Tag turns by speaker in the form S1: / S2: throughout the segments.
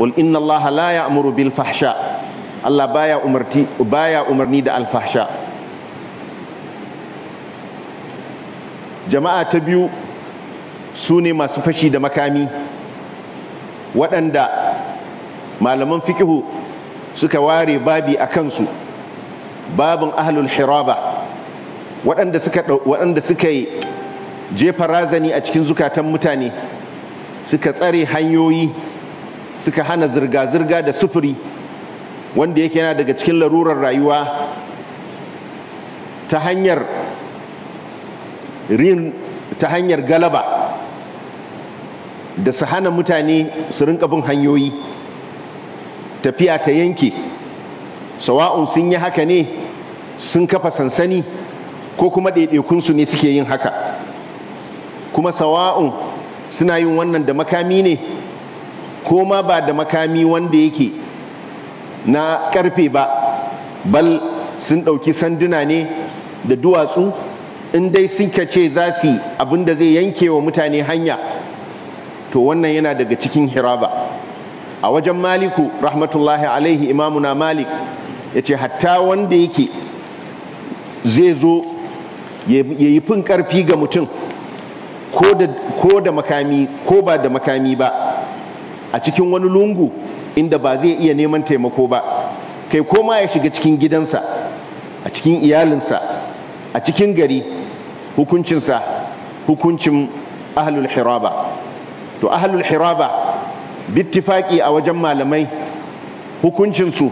S1: wal inna allaha la ya'muru bil fahsha Allah baya umarti umarni da alfahsha. jama'a ta biyu su ne masu fashi da makami waɗanda malaman fikihu suka ware babi a kansu babin ahlul hiraba waɗanda suka waɗanda suka jefa razani a cikin zukatan mutane suka tsare hanyoyi suka hana zirga-zirga da sufuri wanda yake yana daga cikin larurar rayuwa ta hanyar rin ta hanyar galaba da su hana mutane su rinka bin hanyoyi tafiya ta yanke sawa'un sun yi haka ne sun kafa sansani ko kuma su ne suke yin haka kuma sawa'un suna yin wannan da makami ne ko ma ba da makami wanda yake na karfe ba bal sun ɗauki sanduna ne da duwatsu in dai suka ce za su abin da zai yanke wa mutane hanya to wannan yana daga cikin hiraba a wajen maliku rahmatullahi alaihi imamuna malik ya ce hatta wanda yake zai zo ya yi fin karfi ga mutum ko da makami ko ba da makami ba a cikin wani lungu inda ba zai iya neman taimako ba kai koma ya shiga cikin gidansa a cikin iyalinsa a cikin gari hukuncinsa hukuncin ahlul hiraba to ahlul hiraba bittifaki a wajen malamai hukuncinsu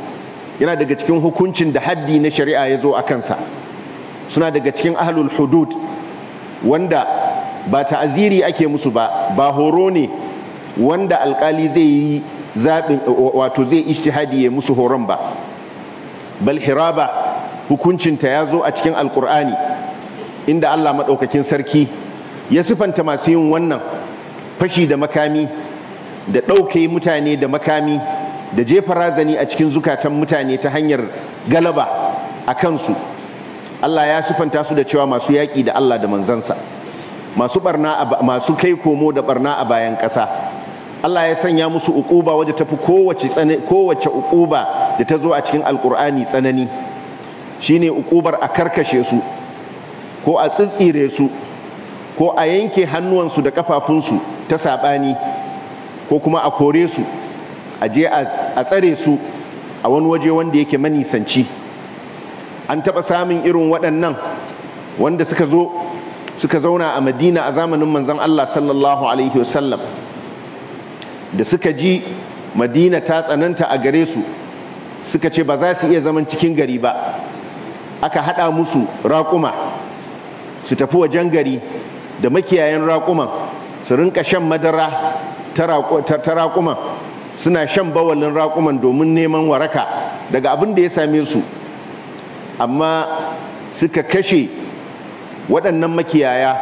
S1: yana daga cikin hukuncin da haddi na shari'a ya zo a kansa suna daga cikin ahlul hudud wanda ba ta'aziri ake musu ba ba horo ne wanda alkali zai yi zaɓin wato zai ishtihadi ya musu horon ba bal hiraba hukuncinta ya zo a cikin alkur'ani inda allah maɗaukakin sarki ya sifanta masu yin wannan fashi da makami da ɗauke mutane da makami da jefa razani a cikin zukatan mutane ta hanyar galaba a kansu allah ya sifanta su da cewa masu yaƙi da allah da manzansa masu kai komo da barna a bayan ƙasa Allah ya sanya musu uquba wadda tafi kowace kowace uquba da ta zo a cikin alkur'ani tsanani shine uqubar a karkashe su ko a tsitsire su ko a yanke hannuwansu da kafafunsu ta saɓani ko kuma a kore su a je a tsare su a wani waje wanda yake manisanci an taɓa samun irin waɗannan wanda suka zo suka zauna a madina a zamanin manzon allah sallallahu alaihi wasallam da suka ji madina ta tsananta a gare su suka ce ba za su iya zaman cikin gari ba aka haɗa musu raƙuma su tafi wajen gari da makiyayan raƙuman su rinka shan madara ta raƙuman suna shan bawalin raƙuman domin neman waraka daga abin da ya same su amma suka kashe waɗannan makiyaya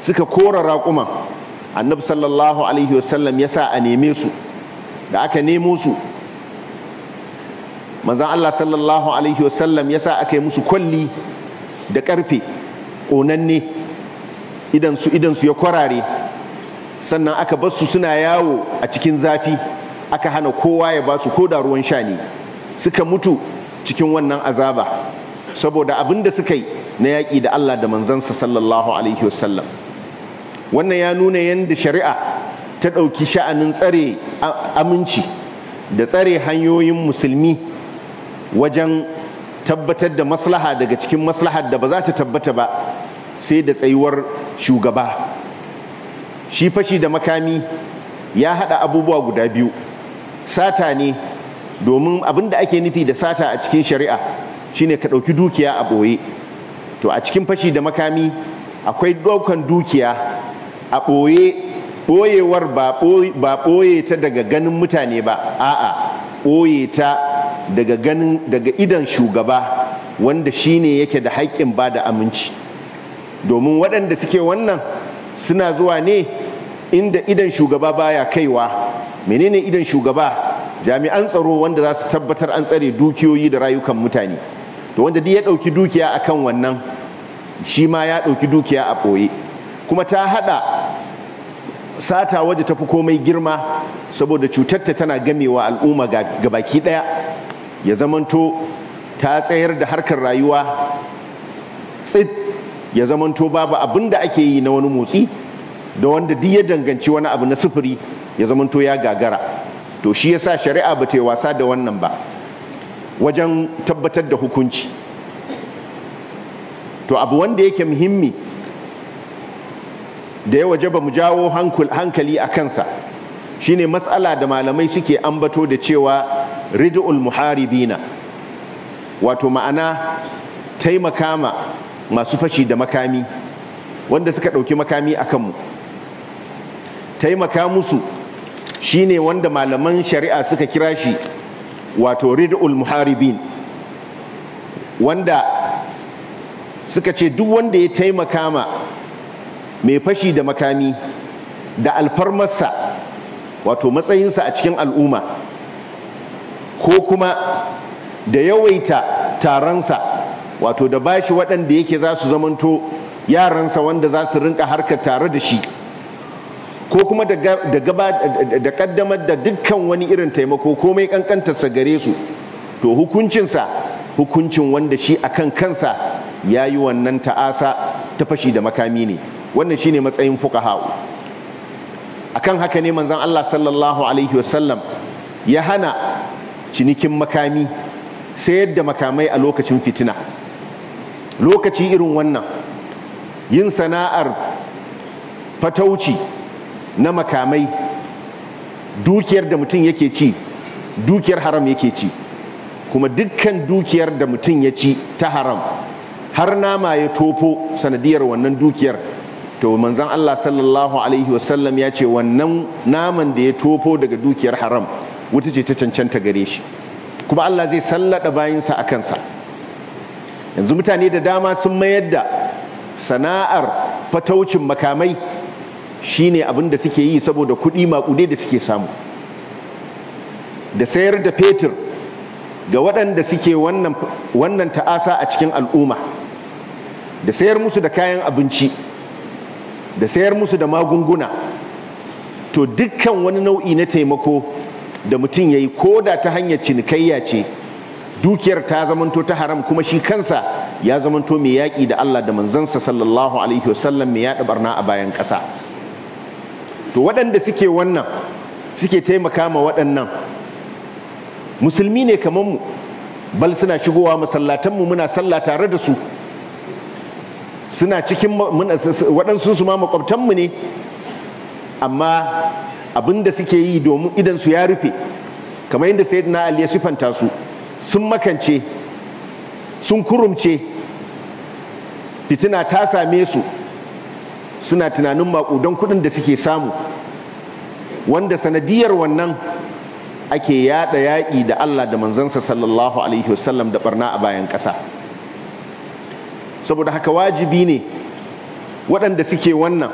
S1: suka kora raƙuman annabi sallallahu alaihi wasallam ya sa a neme su da aka nemo su manzan Allah sallallahu alaihi wasallam ya sa aka yi musu kwalli da karfe ƙonanne idansu idansu ya kwarare sannan aka bar su suna yawo a cikin zafi aka hana kowa ya ba su koda ruwan sha ne suka mutu cikin wannan azaba saboda abin da suka yi na yaƙi da Allah da manzansa sallallahu alaihi wasallam wannan ya nuna yadda shari'a ta ɗauki sha'anin tsare aminci da tsare hanyoyin musulmi wajen tabbatar da maslaha daga cikin maslaha da ba za ta tabbata ba sai da tsayuwar shugaba shi fashi da makami ya haɗa abubuwa guda biyu sata ne domin abin da ake nufi da sata a cikin shari'a shine ka ɗauki dukiya a ɓoye to a cikin fashi da makami akwai ɗaukan dukiya a ɓoye ɓoyewar ba ɓoye ta daga ganin mutane ba a'a ɓoye ta daga ganin daga idan shugaba wanda shine yake da haƙƙin ba da aminci domin waɗanda suke wannan suna zuwa ne inda idan shugaba baya kaiwa menene idan shugaba jami'an tsaro wanda za su tabbatar an tsare dukiyoyi da rayukan mutane to wanda duk ya ɗauki dukiya akan wannan shi ma ya ɗauki dukiya a ɓoye kuma ta haɗa sata waje tafi komai girma saboda cutarta tana gamewa al'umma ga baki daya ya zamanto ta tsayar da harkar rayuwa tsit ya zamanto babu abin da ake yi na wani motsi da wanda duk ya danganci wani abu na sufuri ya zamanto ya gagara to shi yasa shari'a ba ta yi wasa da wannan ba wajen tabbatar da hukunci to abu wanda yake muhimmi da ya waje ba mu jawo hankali a kansa shine matsala da malamai suke ambato da cewa rid'ul muharibina wato ma'ana taimaka masu fashi da makami wanda suka ɗauki makami a kanmu taimaka musu shine wanda malaman shari'a suka kira shi wato rid'ul muharibin wanda suka ce duk wanda ya taimaka ma mai fashi da makami da alfarmarsa wato matsayinsa a cikin al'umma ko kuma da yawaita taronsa wato da bashi waɗanda yake za su zamanto yaransa wanda za su rinka harka tare da shi ko kuma da kaddamar da dukkan wani irin taimako komai ƙanƙantarsa gare su to hukuncinsa hukuncin wanda shi akan kansa ya yi wannan ta'asa ta fashi da makami ne wannan shine matsayin a akan haka ne manzon Allah sallallahu alaihi wasallam ya hana cinikin makami sayar da makamai a lokacin fitina lokaci irin wannan yin sana'ar fatauci na makamai dukiyar da mutum yake ci dukiyar haram yake ci kuma dukkan dukiyar da mutum ya ci ta haram har nama ya tofo sanadiyar wannan dukiyar to manzon Allah sallallahu alaihi wasallam ya ce wannan naman da ya tofo daga dukiyar haram wuta ce ta cancanta gare shi kuma Allah zai sallada bayansa a kansa yanzu mutane da dama sun mayar da sana'ar fataucin makamai shine abin da suke yi saboda kuɗi maƙude da suke samu da sayar da fetur ga waɗanda suke wannan ta'asa a cikin al'umma da sayar musu da kayan abinci da sayar musu da magunguna to dukkan wani nau'i na taimako da mutum ya yi ko da ta hanyar cinikayya ce dukiyar ta zamanto ta haram kuma shi kansa ya zamanto mai yaƙi da Allah da manzansa sallallahu alaihi wasallam mai yaɗa barna a bayan ƙasa to waɗanda suke wannan suke taimaka ma waɗannan musulmi ne kamar mu bal suna shigowa masallatanmu muna sallah tare da su suna cikin waɗansu su ma makwabtanmu ne amma abin da suke yi domin idan su ya rufe kamar yadda sai na ya sifanta su sun makance sun kurumce fitina ta same su suna tunanin maƙudan kuɗin da suke samu wanda sanadiyar wannan ake yada yaƙi da Allah da manzansa sallallahu alaihi wasallam da ɓarna a bayan ƙasa saboda haka wajibi ne waɗanda suke wannan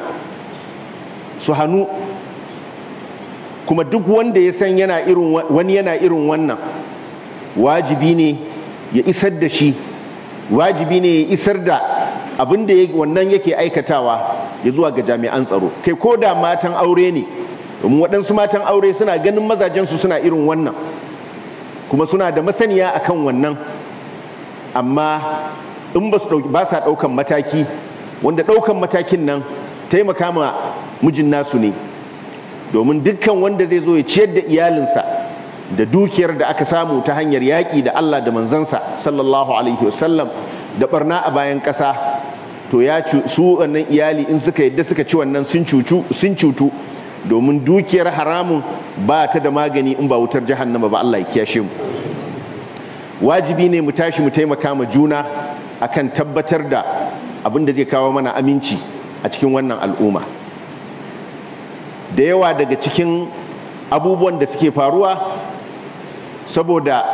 S1: su hannu kuma duk wanda ya san wani yana irin wannan wajibi ne ya isar da shi wajibi ne ya isar da abin wannan yake aikatawa ya zuwa ga jami'an tsaro kai ko da matan aure ne domin waɗansu matan aure suna ganin mazajensu suna irin wannan kuma suna da masaniya akan wannan amma in ba ɗaukan mataki wanda ɗaukan matakin nan taimaka ma mijin nasu ne domin dukkan wanda zai zo ya ciyar da iyalinsa da dukiyar da aka samu ta hanyar yaƙi da Allah da manzansa sallallahu alaihi wasallam da barna a bayan ƙasa to ya su wannan iyali in suka yadda suka ci wannan sun cutu domin dukiyar haramun ba ta da magani in ba wutar jahannama ba Allah ya kiyashe mu wajibi ne mu tashi mu taimaka ma juna akan tabbatar da abin da zai kawo mana aminci a cikin wannan al'umma da yawa daga cikin abubuwan da suke faruwa saboda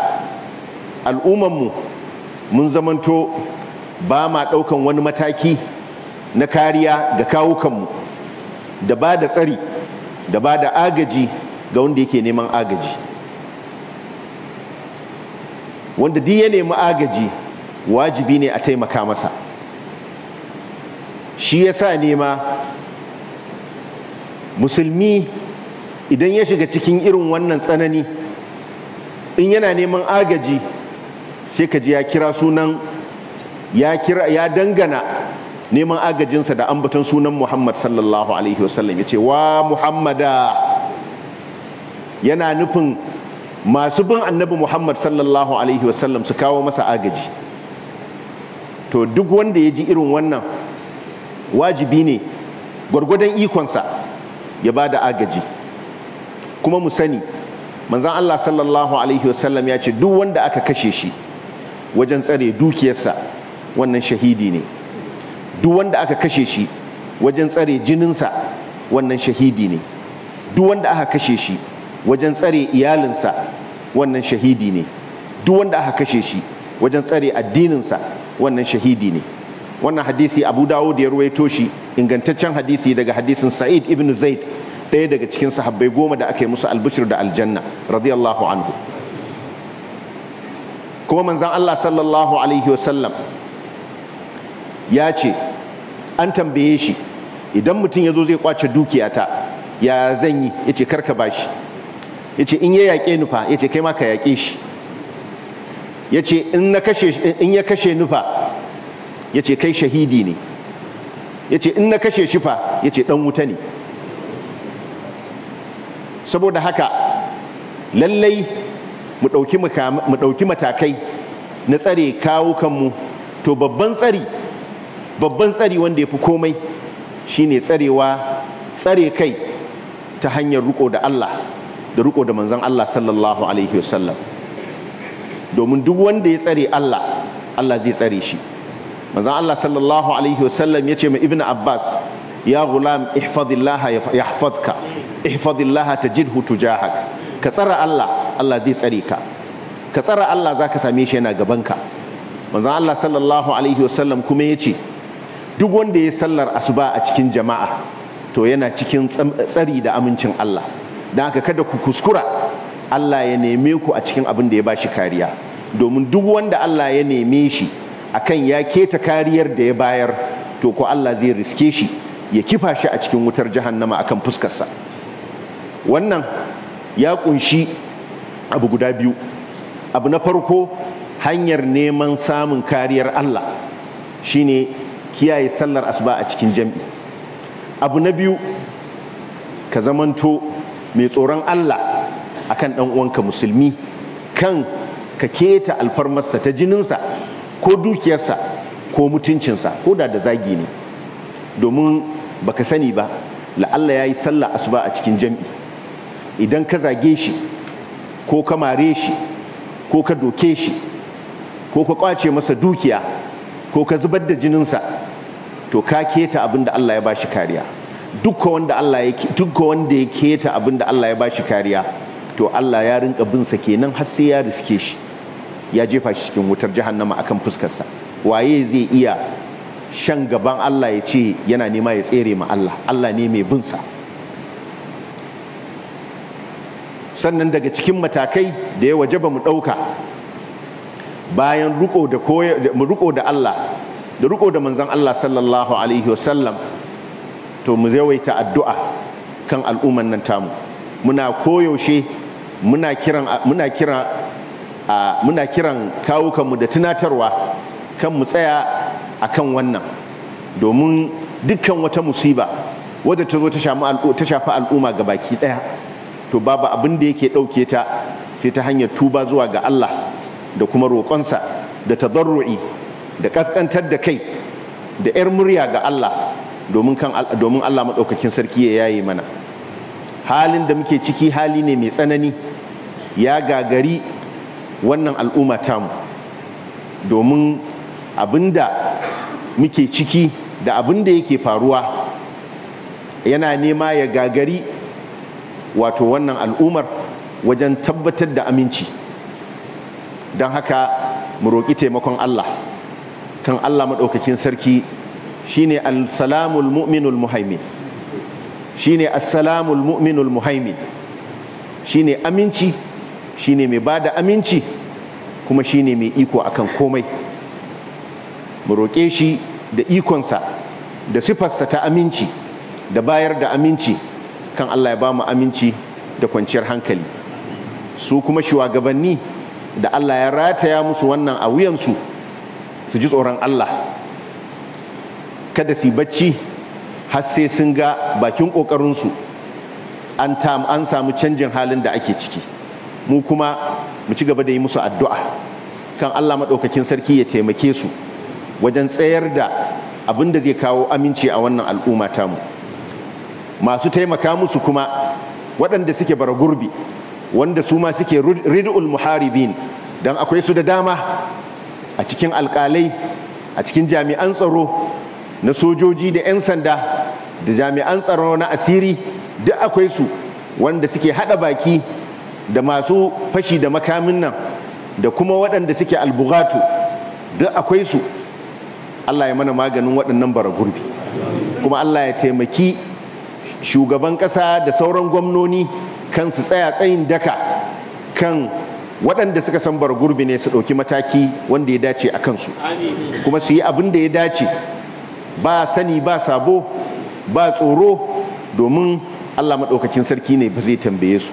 S1: al'ummanmu mun zamanto ba ma ɗaukan wani mataki na kariya ga kawukanmu da ba da tsari da ba da agaji ga wanda yake neman agaji wanda duk ya nemi agaji wajibi ne a taimaka masa shi ya sa nema musulmi idan ya shiga cikin irin wannan tsanani in yana neman agaji sai ka ji ya kira sunan ya kira ya dangana neman agajinsa da ambaton sunan Muhammad sallallahu alaihi wasallam ya ce wa Muhammada yana nufin masu bin annabi Muhammad sallallahu alaihi wasallam su kawo masa agaji to duk wanda ya ji irin wannan wajibi ne gwargwadon ikonsa ya ba da agaji kuma mu sani manzan Allah sallallahu alaihi wasallam ya ce duk wanda aka kashe shi wajen tsare dukiyarsa wannan shahidi ne duk wanda aka kashe shi wajen tsare jininsa wannan shahidi ne duk wanda aka kashe shi wajen tsare iyalinsa wannan shahidi ne duk wanda aka kashe shi wajen tsare addininsa wannan shahidi ne wannan hadisi abu dawud ya ruwaito shi ingantaccen hadisi daga hadisin sa'id ibn zaid ɗaya daga cikin sahabbai goma da aka yi musu albishir da aljanna radiyallahu anhu kuma manzan Allah sallallahu alaihi wasallam ya ce an tambaye shi idan mutum ya zo zai kwace dukiyata ya zan ya ce karka bashi ya ce in ya yaƙe ni fa ya ce kai maka ka yaƙe shi ya ce in ya kashe nufa ya ce kai shahidi ne ya ce in na kashe shi fa ya ce ɗan wuta ne saboda haka lallai mu ɗauki matakai na tsare kawo kanmu to babban tsari babban tsari wanda ya fi komai shine tsarewa tsare kai ta hanyar riko da Allah da riko da manzan Allah sallallahu alaihi wasallam domin duk wanda ya tsare Allah Allah zai tsare shi manzon Allah sallallahu alaihi wasallam ya ce ma ibnu abbas ya gulam ihfazillaha yahfazka ihfazillaha tajidhu tujahak ka tsara Allah Allah zai tsare ka ka tsara Allah zaka same shi yana gaban ka manzon Allah sallallahu alaihi wasallam kuma ya ce duk wanda ya sallar asuba a cikin jama'a to yana cikin tsari da amincin Allah don haka kada ku kuskura Allah ya neme ku a cikin abin da ya bashi kariya domin duk wanda Allah ya neme shi akan ya keta kariyar da ya bayar to ko Allah zai riske shi ya kifa shi a cikin wutar jahannama akan fuskarsa wannan ya kunshi abu guda biyu abu na farko hanyar neman samun kariyar Allah shine kiyaye sallar asuba a cikin jam'i abu na biyu ka zamanto mai tsoron Allah akan dan uwanka musulmi kan ka keta alfarmarsa ta jininsa ko dukiyarsa ko mutuncinsa ko da da zagi ne domin baka sani ba la'alla ya yi sallah asuba a cikin jam'i idan ka zage shi ko ka mare shi ko ka doke shi ko ka kwace masa dukiya ko ka zubar da jininsa to ka keta abin da Allah ya bashi kariya dukka wanda Allah ya wanda ya keta abin da Allah ya bashi kariya to Allah ya rinka bin kenan har sai ya riske shi ya jefa shi cikin wutar jahannama akan fuskarsa waye zai iya shan gaban Allah ya ce yana nema ya tsere ma Allah Allah ne mai binsa. sannan daga cikin matakai da ya wajaba mu ɗauka bayan ruko da mu riko da Allah da riko da manzon Allah sallallahu alaihi wasallam to mu yawaita addu'a kan al'umman nan tamu muna koyaushe muna kiran muna kira kawukanmu da tunatarwa kan mu tsaya akan wannan domin dukkan wata musiba wadda ta zo ta shafi al'umma ga baki ɗaya to babu abin da yake ɗauke ta sai ta hanyar tuba zuwa ga Allah da kuma roƙonsa da tazarru'i da ƙasƙantar da kai da 'yar murya ga Allah domin Allah maɗaukakin sarki ya yaye mana halin da muke ciki hali ne mai tsanani ya gagari wannan al'umma tamu domin abinda muke ciki da abinda yake faruwa yana nema ya gagari wato wannan al'ummar wajen tabbatar da aminci don haka mu roƙi taimakon Allah kan Allah maɗaukakin sarki shine al-salamul mu'minul muhaimin shine al salamul mu'minul muhaimin shine aminci shine mai ba da aminci kuma shine mai iko akan komai mu roƙe shi da ikonsa da sifarsa ta aminci da bayar da aminci kan Allah ya ba mu aminci da kwanciyar hankali su kuma shugabanni da Allah ya rataya musu wannan a wuyansu su ji tsoron Allah kada su bacci har sai sun ga bakin ƙoƙarinsu an samu canjin halin da ake ciki. mu kuma mu ci gaba da yi musu addu'a kan Allah maɗaukakin sarki ya taimake su wajen tsayar da abin da zai kawo aminci a wannan al'umma mu. masu taimaka musu kuma waɗanda suke bara gurbi wanda su ma suke rid'ul muharibin don akwai su da dama a cikin alƙalai a cikin jami'an tsaro na sojoji da 'yan sanda da jami'an tsaro na asiri duk akwai su wanda suke haɗa baki da masu fashi da makamin nan da kuma waɗanda suke albugatu duk akwai su Allah ya mana maganin waɗannan bara gurbi kuma Allah ya taimaki shugaban ƙasa da sauran gwamnoni kan su tsaya tsayin daka kan waɗanda suka san bara gurbi ne su ɗauki mataki wanda ya dace a kansu kuma su yi abin da ya dace ba sani ba sabo ba tsoro domin Allah maɗaukakin sarki ne ba zai tambaye su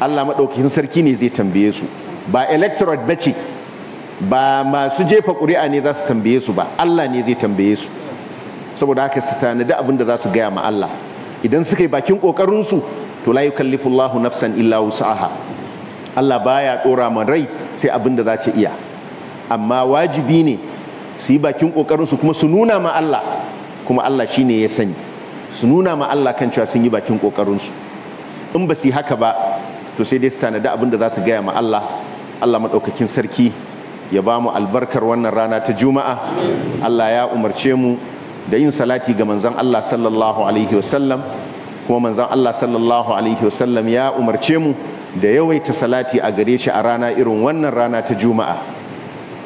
S1: Allah maɗaukakin sarki ne zai tambaye su ba electorate bace ba masu jefa ƙuri'a ne za su tambaye su ba Allah ne zai tambaye su saboda haka su tanadi abin da za su gaya ma Allah idan suka yi bakin ƙoƙarinsu to la Fulahu nafsan illa wus'aha Allah baya ɗora ma rai sai abin da za ta iya amma wajibi ne su yi bakin ƙoƙarinsu kuma su nuna ma Allah kuma Allah shine ya sani su nuna ma Allah kan cewa sun yi bakin ƙoƙarinsu in ba su yi haka ba to sai dai su tanadi abin da za su gaya ma Allah Allah maɗaukakin sarki ya ba mu albarkar wannan rana ta juma'a Allah ya umarce mu da yin salati ga manzon Allah sallallahu alaihi wasallam kuma manzon Allah sallallahu alaihi wasallam ya umarce mu da yawaita salati a gare shi a rana irin wannan rana ta juma'a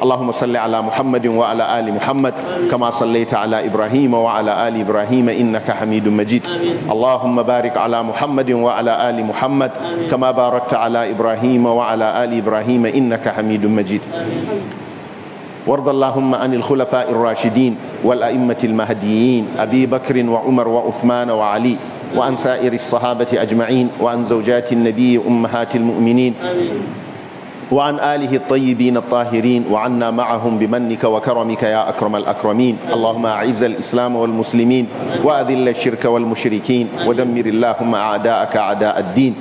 S1: اللهم صل على محمد وعلى آل محمد كما صليت على إبراهيم وعلى آل إبراهيم إنك حميد مجيد اللهم بارك على محمد وعلى آل محمد كما باركت على إبراهيم وعلى آل إبراهيم إنك حميد مجيد وارض اللهم عن الخلفاء الراشدين والأئمة المهديين أبي بكر وعمر وعثمان وعلي وعن سائر الصحابة أجمعين وعن زوجات النبي أمهات المؤمنين آمين. وعن آله الطيبين الطاهرين وعنا معهم بمنك وكرمك يا أكرم الأكرمين اللهم أعز الإسلام والمسلمين وأذل الشرك والمشركين ودمر اللهم أعداءك أعداء الدين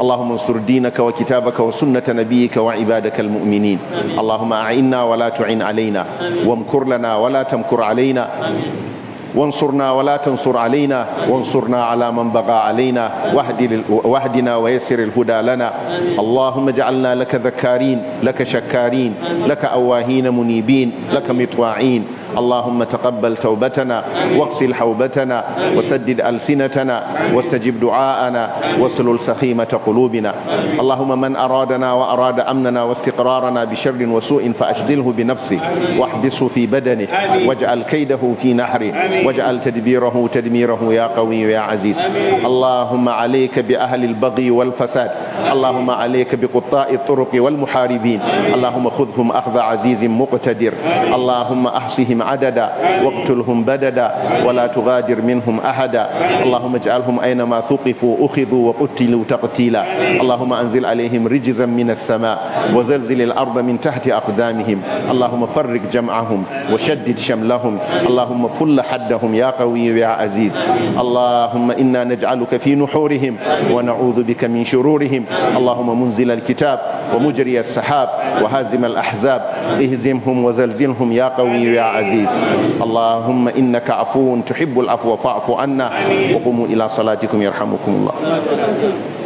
S1: اللهم انصر دينك وكتابك وسنة نبيك وعبادك المؤمنين اللهم أعنا ولا تعن علينا وامكر لنا ولا تمكر علينا وانصرنا ولا تنصر علينا وانصرنا على من بغى علينا واهدنا ويسر الهدى لنا اللهم اجعلنا لك ذكارين لك شكارين لك أواهين منيبين لك مطواعين اللهم تقبل توبتنا واغسل حوبتنا وسدد ألسنتنا واستجب دعاءنا واسلل سخيمة قلوبنا اللهم من أرادنا وأراد أمننا واستقرارنا بشر وسوء فأشغله بنفسه واحبسه في بدنه واجعل كيده في نحره واجعل تدبيره تدميره يا قوي يا عزيز اللهم عليك بأهل البغي والفساد اللهم عليك بقطاع الطرق والمحاربين اللهم خذهم أخذ عزيز مقتدر اللهم أحصهم عددا واقتلهم بددا ولا تغادر منهم أحدا اللهم اجعلهم أينما ثقفوا أخذوا وقتلوا تقتيلا اللهم أنزل عليهم رجزا من السماء وزلزل الأرض من تحت أقدامهم اللهم فرق جمعهم وشدد شملهم اللهم فل حدهم يا قوي يا عزيز اللهم إنا نجعلك في نحورهم ونعوذ بك من شرورهم اللهم منزل الكتاب ومجري السحاب وهازم الأحزاب اهزمهم وزلزلهم يا قوي يا عزيز العزيز اللهم إنك عفو تحب العفو فاعف عنا وقوموا إلى صلاتكم يرحمكم الله